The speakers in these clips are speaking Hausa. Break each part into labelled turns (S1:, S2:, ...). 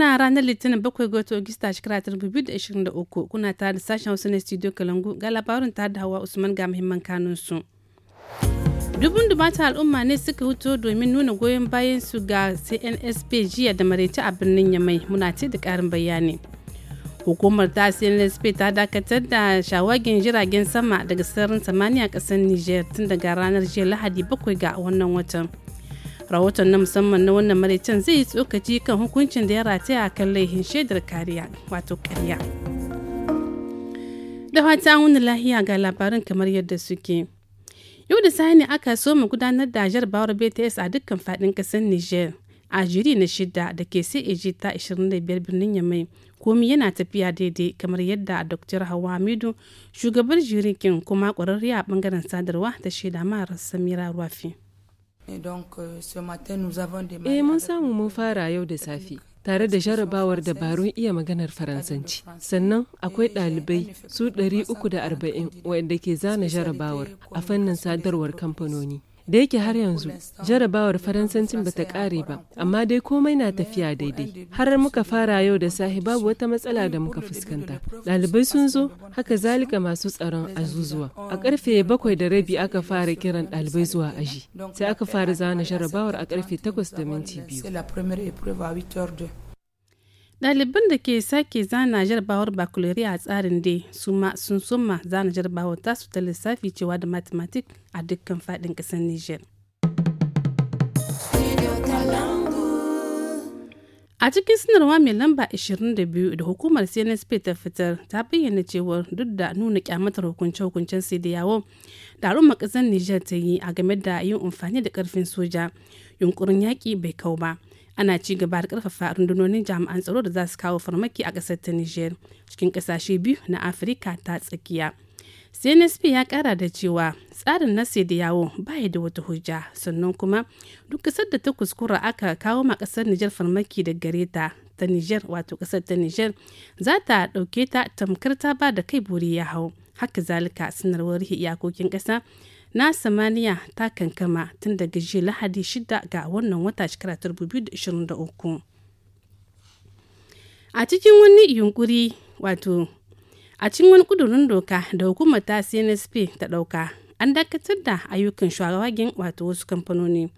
S1: kuna ranar Litinin bakwai ga wata Ogista shekara ta da da uku kuna tare da sashen Hausa na Studio Kalangu ga labarin tare da Hawa Usman ga muhimman kanun su. Dubun dubata al'umma ne suka huto domin nuna goyon bayan su ga CNSP jiya da maraice a birnin Yamai muna ce da karin bayani. Hukumar ta CNSP ta dakatar da shawagin jiragen sama daga sararin samaniya kasar Niger tun daga ranar jiya Lahadi bakwai ga wannan watan. rahoton na musamman na wannan maraicen zai yi tsokaci kan hukuncin da ya rataya a kan laihin shaidar kariya wato karya da fata wani lahiya ga labarin kamar yadda suke yau da sani aka so mu gudanar da jarabawar bts a dukkan fadin kasar niger a jiri na shida da ke CAG jita 25 birnin Yamai komi yana tafiya daidai kamar yadda Dr. Hawa amidu shugabar jirikin kuma ƙwararriya a bangaren sadarwa ta shaida mara Samira Rafi. e mun samu mun fara yau da safe. tare da jarabawar
S2: dabarun iya maganar faransanci sannan akwai ɗalibai su 340
S1: waɗanda ke zana jarabawar a fannin sadarwar kamfanoni da yake har yanzu jarabawar faransancin bata kare ba amma dai komai na tafiya daidai har muka fara yau da sahi babu wata matsala da muka fuskanta ɗalibai sun zo haka zalika masu tsaron azuzuwa a karfe bakwai da rabi aka fara kiran ɗalibai zuwa aji sai aka fara zana jarabawar a karfe takwas da minti biyu ɗaliban da ke sake zana jarabawar bakulari a tsarin dai su ma sun suma zana jarabawar tasu ta lissafi cewa da matematik a dukkan faɗin ƙasar nijar a cikin sanarwa mai lamba 22 da hukumar cnsp ta fitar ta bayyana cewar duk da nuna kyamatar hukunce-hukuncen sai da yawo al'umma ƙasar nijar ta yi a game da yin amfani da karfin soja yunkurin yaƙi bai kau ba ana ci gaba da karfafa rundunonin jami'an tsaro da za su kawo farmaki a ƙasar ta niger cikin ƙasashe biyu na afirka ta tsakiya cnsp ya kara da cewa tsarin na da yawo baya da wata hujja sannan kuma duk ƙasar da ta kuskura aka kawo ma ƙasar nijar farmaki da gare ta ta nijar wato ƙasar ta nijar za ta dauke ta tamkar ta ba da kai buri ya hau haka zalika sanarwar iyakokin ƙasa. na samaniya ta kankama tun daga jiya lahadi 6 ga wannan wata shekara 2023 a cikin wani yunkuri wato a cikin wani kudurin doka da hukumar ta cnsp ta dauka an dakatar da ayyukan shawagin wato wasu kamfanoni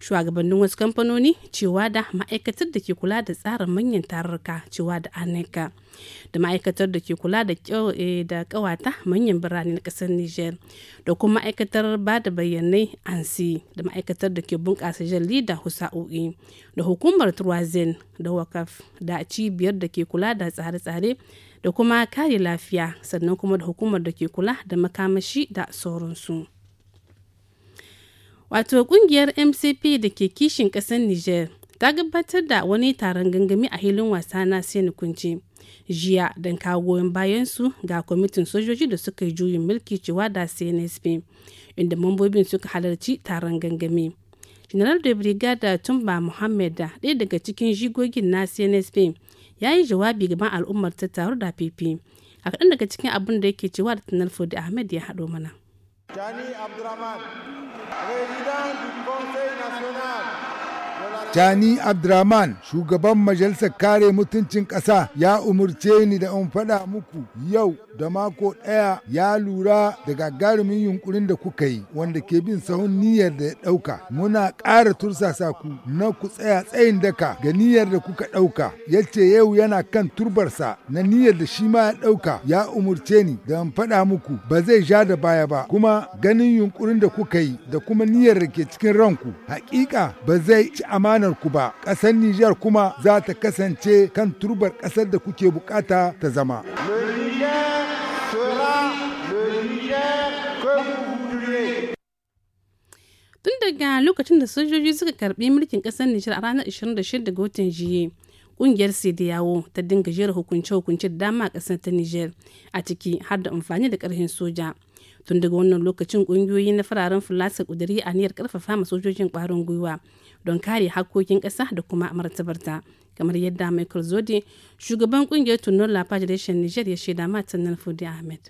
S1: shugabannin wasu kamfanoni cewa da ma'aikatar da ke kula da tsarin manyan tarurruka cewa da aneka e da ma'aikatar da ke kula da eh, da kawata manyan birane na kasar niger da kuma ma'aikatar ba da bayanai ansi da ma'aikatar da ke bunƙasa jalli da husa'o'i da hukumar turwazen da wakaf da cibiyar da ke kula da tsare-tsare da kuma kare lafiya sannan kuma da hukumar da ke kula da makamashi da sauransu wato kungiyar mcp da ke kishin kasar niger ta gabatar da wani taron gangami a hilin wasa na kunce jiya don kawo bayan su ga kwamitin sojoji da suka yi juyin mulki cewa da cnsp inda mambobin suka halarci taron gangami general da brigada tumba muhammad da ɗaya daga cikin jigogin na cnsp ya yi jawabi gaban al'ummar ta taru da fifi a kaɗan daga cikin abin da yake cewa da tanar fudi ahmed ya haɗo mana
S3: Jani Abdurrahman, President du Conseil National
S4: Jani Abdraman, shugaban Majalisar Kare Mutuncin Ƙasa, ya umurce ni da in faɗa muku yau da mako ɗaya ya lura da gagarumin yunkurin da kuka yi wanda ke bin sahun niyyar da ya ɗauka. Muna ƙara tursasa ku na ku tsaya tsayin daka ga niyyar da kuka ɗauka. Ya ce yau yana kan turbarsa na niyyar da shi ma ya ɗauka ya umurce ni da in faɗa muku ba zai ja da baya ba kuma ganin yunkurin da kuka yi da kuma niyyar da ke cikin ranku. Hakika ba zai ci amanar ku ba ƙasar Nijar kuma za ta kasance kan turbar ƙasar da kuke bukata ta zama.
S1: Tun daga lokacin da sojoji suka karbi mulkin ƙasar Nijar a ranar 26 ga watan jiye, kungiyar yawo ta dinga jera hukunce-hukunce da dama a ƙasar ta Nijar a ciki har da amfani da ƙarfin soja. tun daga wannan lokacin kungiyoyi na fararen fulasa a aniyar karfafa ma sojojin kwarin gwiwa don kare hakkokin kasa da kuma martabarta kamar yadda michael zodi shugaban kungiyar tunon la federation niger ya shaida matan nan fudi ahmed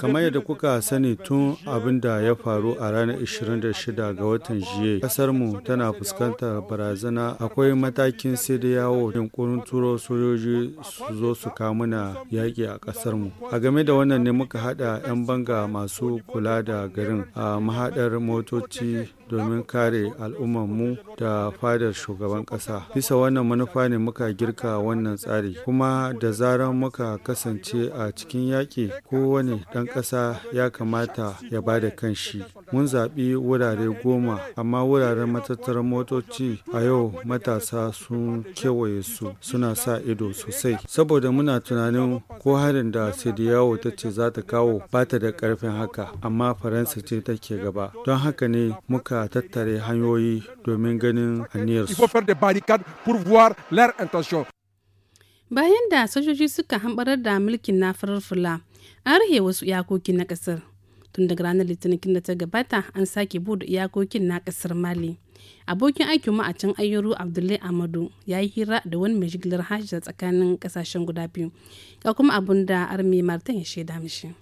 S3: kamar yadda kuka sani tun abin da ya faru a ranar 26 ga watan jiye kasarmu tana fuskantar barazana akwai matakin sai da yawo yunkurin turo sojoji su zo su kamuna yaƙi a kasarmu a game da wannan ne muka hada 'yan banga masu kula da garin a mahadar motoci domin kare al'ummarmu da fadar shugaban ƙasa. Bisa wannan manufa ne muka girka wannan tsari, kuma da zarar muka kasance a cikin yaƙi kowane ɗan ƙasa ya kamata ya ba da kanshi. Mun zaɓi wurare goma, amma wuraren matattarar motoci a yau matasa sun kewaye su suna sa ido sosai. Saboda muna tunanin ko harin da Sidiyawo ta ce za ta kawo ba ta da ƙarfin haka, amma Faransa ce take gaba. Don haka ne muka tattare hanyoyi domin ganin aniyarsu.
S1: Bayan da sojoji suka hambarar da mulkin na farar fula, an rahe wasu iyakokin na kasar. Tun daga ranar Litinin da ta gabata an sake bude iyakokin na kasar Mali. Abokin aikin mu a can ayyuru Abdullahi Amadu ya yi hira da wani mai jigilar hajji tsakanin kasashen guda biyu. Ga kuma abun da Armi Martin ya shaida mishi.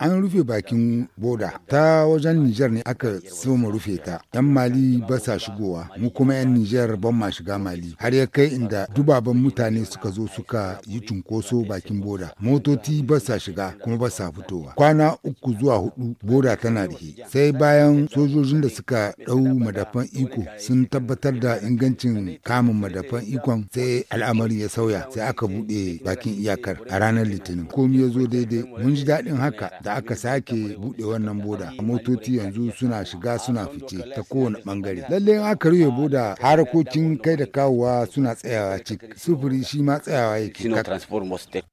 S4: An rufe bakin boda ta wajen Nijar ne aka so rufe ta. Yan Mali ba sa shigowa, mu kuma yan Nijar ban ma shiga Mali. Har ya kai inda dubaban mutane suka zo suka yi cunkoso bakin boda. Motoci ba sa shiga kuma ba sa fitowa. Kwana uku zuwa hudu boda tana rihe. Sai bayan sojojin da suka dau madafan iko sun tabbatar da ingancin kamun madafan ikon sai al'amarin ya sauya sai aka buɗe bakin iyakar a ranar litinin. Komi ya zo daidai Eh, mun ji daɗin haka da aka sake buɗe wannan boda. Motoci yanzu suna shiga suna fice ta kowane ɓangare. Lallai aka rufe boda harakokin kai da kawowa suna tsayawa cik. Sufuri shi ma tsayawa
S3: yake.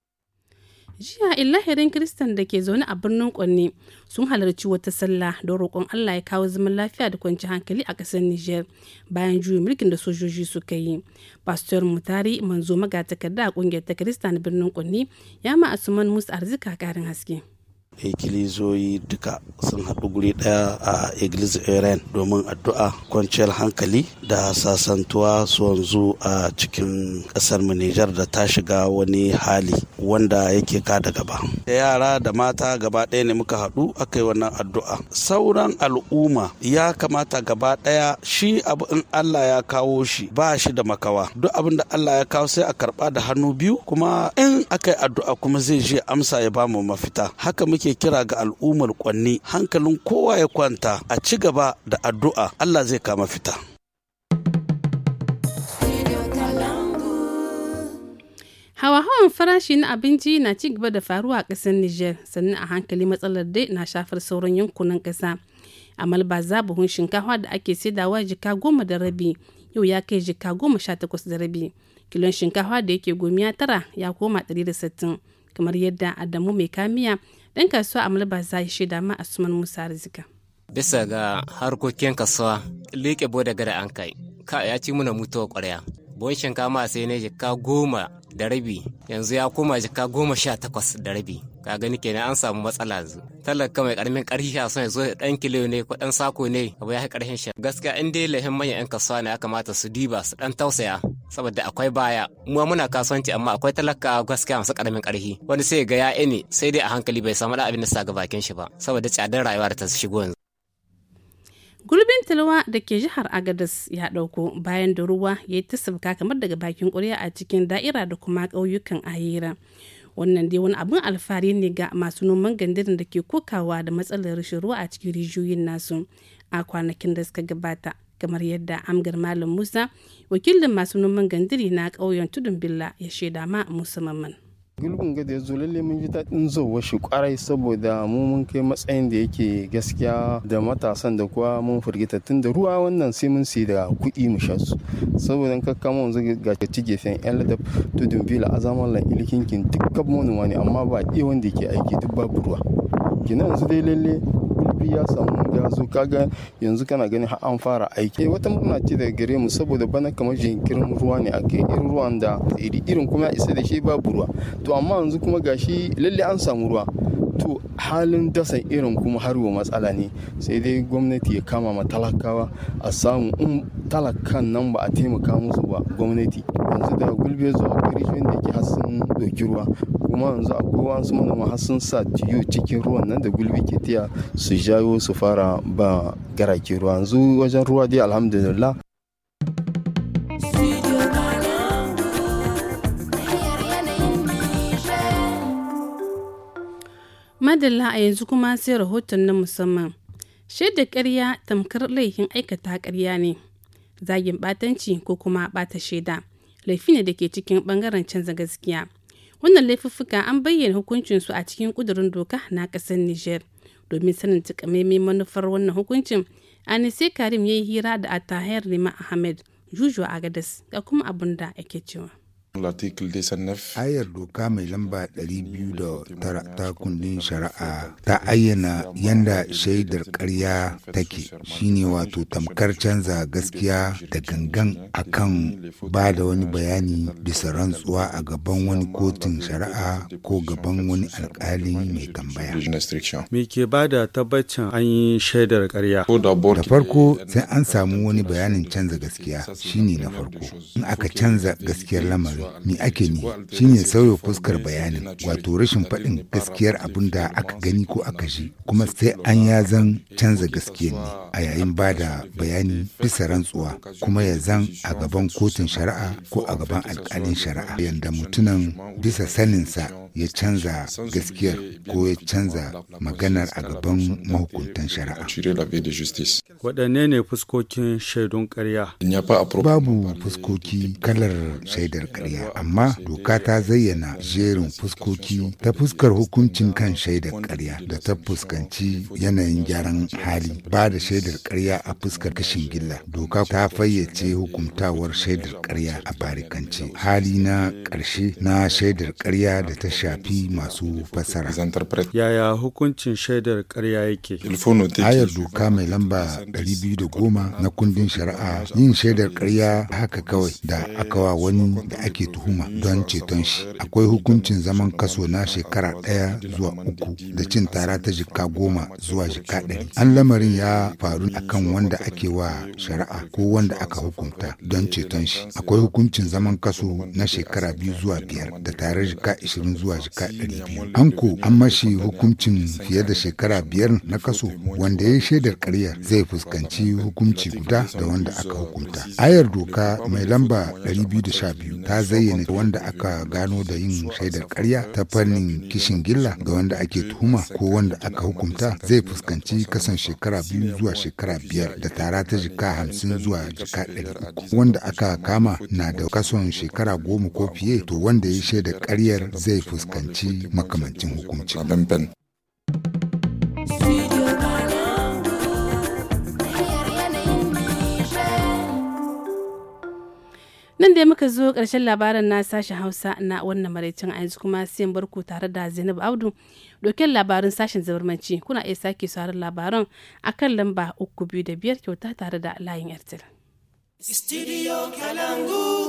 S1: jiya illahirin kristan da ke zaune a birnin kwanne sun halarci wata sallah don roƙon allah ya kawo zaman lafiya da kwanci hankali a ƙasar niger bayan juyin mulkin da sojoji suka yi pastor mutari manzo magatakarda a ƙungiyar ta kristan birnin kwanne ya ma asuman musu arzika ƙarin haske
S3: ikilizoyi duka sun haɗu guri ɗaya a iglis iran domin addu'a kwanciyar hankali da sasantuwa su wanzu a cikin ƙasar mu da ta shiga wani hali wanda yake kada gaba da yara da mata gaba ɗaya ne muka haɗu aka yi wannan addu'a sauran al'umma ya kamata gaba ɗaya shi abu in allah ya kawo shi ba shi da makawa duk abin da allah ya kawo sai a karɓa da hannu biyu kuma in aka yi addu'a kuma zai je amsa ya ba mu mafita haka muke ke kira ga al'ummar kwanni hankalin kowa ya kwanta a ci gaba da addu'a Allah zai kama fita.
S1: Hawa-hawan farashi na abinci na ci gaba da faruwa a kasar Nijar, sannan a hankali matsalar dai na shafar sauran yankunan ƙasa. Amal baza buhun shinkafa da ake saidawa jika goma da rabi, yau ya kai jika goma sha takwas da rabi. Kilon shinkafa da yake gomiya tara ya koma ɗari da sittin, kamar yadda Adamu mai kamiya ɗan kasuwa a Malaba za shi da ma asuman musa arzika
S2: bisa ga harkokin kasuwa liƙe bo da an kai ka ya ci muna mutuwa ƙwarya bon shinkafa sai ne jika goma da rabi yanzu ya koma jika goma sha takwas da rabi ka gani kenan an samu matsala yanzu talaka mai karamin karfi sha son ya zo dan kilo ne ko dan sako ne abu ya karshen sha gaskiya in dai lahin manyan yan kasuwa ne ya kamata su diba su dan tausaya saboda akwai baya mu muna kasuwanci amma akwai talaka gaskiya masu karamin karfi wani sai ga ya ne sai dai a hankali bai samu da abin da sa ga bakin shi ba saboda tsadar rayuwa da ta shigo yanzu
S1: gurbin talwa da ke jihar agadas ya dauko bayan da ruwa ya yi tasabka kamar daga bakin ƙuri'a a cikin da'ira da kuma ƙauyukan ayira wannan dai wani abun alfahari ne ga masu noman gandirin da ke kokawa da matsalar rashin ruwa a cikin rijiyoyin nasu a kwanakin da suka gabata kamar yadda amgar malam musa wakilin masu noman gandiri na ƙauyen tudun billa ya shaida ma musamman
S2: gulbin gada ya zo lalle mun ji daɗin zo shi ƙwarai saboda mu mun kai matsayin da yake gaskiya da matasan da kuwa mun firgita tun da ruwa wannan sai mun sai da kuɗi mu sha su saboda in kakka mun ga ci gefen yan ladab tudun bila zaman lan ilkinkin duk manoma wani amma ba iya wanda ke aiki duk babu ruwa gina yanzu dai lalle zafi ya samu ya kaga yanzu kana gani har an fara aiki wata murna ce daga gare mu saboda bana kamar jinkirin ruwa ne ake irin ruwan da irin kuma ya isa da shi babu ruwa to amma yanzu kuma gashi lalle an samu ruwa to halin dasa irin kuma har yau matsala ne sai dai gwamnati ya kama ma talakawa a samu in talakan nan ba a taimaka musu ba gwamnati yanzu da gulbe zuwa kirifin da ke hasin doki ruwa kuma yanzu akwai wasu manoma har sun sa tiyo cikin ruwan nan da gulbi ke tiya su jayo su fara ba garake ruwa yanzu wajen ruwa dai alhamdulillah
S1: madalla a yanzu kuma sai rahoton na musamman shaidar karya tamkar laifin aikata karya ne zagin ɓatanci ko kuma ɓata shaida laifi ne da ke cikin ɓangaren canza gaskiya Wannan laifuffuka an bayyana hukuncin su a cikin ƙudurin doka na ƙasar niger Domin sanin takamaimai manufar wannan hukuncin, Anise Karim ya yi hira da Atahir Rima Ahmed, jujuwa Agadas, ga kuma abun da ake cewa.
S4: Ayar doka mai lamba 209 ta kundin shari'a ta ayyana yanda shaidar ƙarya take shine wato tamkar canza gaskiya da gangan akan ba da wani bayani bisa rantsuwa a gaban wani kotun shari'a ko gaban wani alkali mai tambaya.
S3: Me ke ba da tabbacin an yi shaidar karya. Da
S4: farko sai an samu wani bayanin canza gaskiya shine na farko. In aka canza gaskiyar lamarin me ake ne shine sauya fuskar bayanin wato rashin faɗin gaskiyar abin da aka gani ko aka ji kuma sai an ya zan canza gaskiyar ne a yayin ba da bayani bisa rantsuwa kuma ya zan a gaban kotun shari'a ko a gaban alkalin shari'a yadda mutunan bisa saninsa ya canza gaskiyar ko ya canza maganar a gaban mahukuntan shari'a.
S3: Waɗanne ne fuskokin shaidun ƙarya?
S4: Babu fuskoki kalar shaidar ƙarya, amma doka ta zayyana jerin fuskoki ta fuskar hukuncin kan shaidar ƙarya da ta fuskanci yanayin gyaran hali ba da shaidar ƙarya a fuskar kashin gilla. Doka ta fayyace hukuntawar shaidar ƙarya a barikance. Hali na ƙarshe na shaidar ƙarya da ta shafi masu fassara.
S3: Yaya hukuncin shaidar karya yake? Ayar
S4: doka mai lamba 210 na kundin shari'a yin shaidar karya haka kawai da aka wa wani da ake tuhuma don ceton shi. Akwai hukuncin zaman kaso na shekara ɗaya zuwa uku da cin tara ta jika goma zuwa jika ɗari. An lamarin ya faru akan wanda ake wa shari'a ko wanda aka hukunta don ceton shi. Akwai hukuncin zaman kaso na shekara biyu zuwa biyar da tare jika ishirin zuwa zuwa jika ɗari biyu. Anko an mashi hukuncin fiye da shekara biyar na kaso wanda ya yi shaidar karyar zai fuskanci hukunci guda da wanda aka hukunta. Ayar doka mai lamba ɗari biyu da sha biyu. ta zayyana wanda aka gano da yin shaidar karya ta fannin kishin gilla ga wanda ake tuhuma ko wanda aka hukunta zai fuskanci kasan shekara biyu zuwa shekara biyar da tara ta jika hamsin zuwa jika ɗari uku wanda aka kama na da kason shekara goma ko fiye to wanda ya shaidar karyar zai fuskanci makamancin hukunci
S1: nan da muka zo ƙarshen labaran na sashen hausa na wannan maraicin a yanzu kuma sai barku tare da zainab abdu dokin labarin sashen zabarmanci kuna iya sake sauran labaran a kan lamba uku biyu da biyar kyauta tare da layin airtel
S2: studio kalangu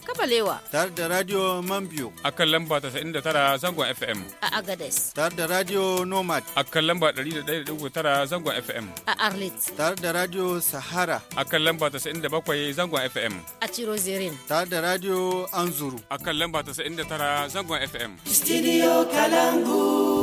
S1: Kabalewa.
S3: tar da Radio Mambio. A kan lamba tara zangon FM. A Agades. tar da Radio Nomad. A kan lamba tara zangon FM. A Arlit. tar da Radio Sahara. A kan lamba bakwai zangon FM. A Chirozirin. tar da Radio Anzuru. A kan lamba tara zangon FM.
S2: Studio Kalangu.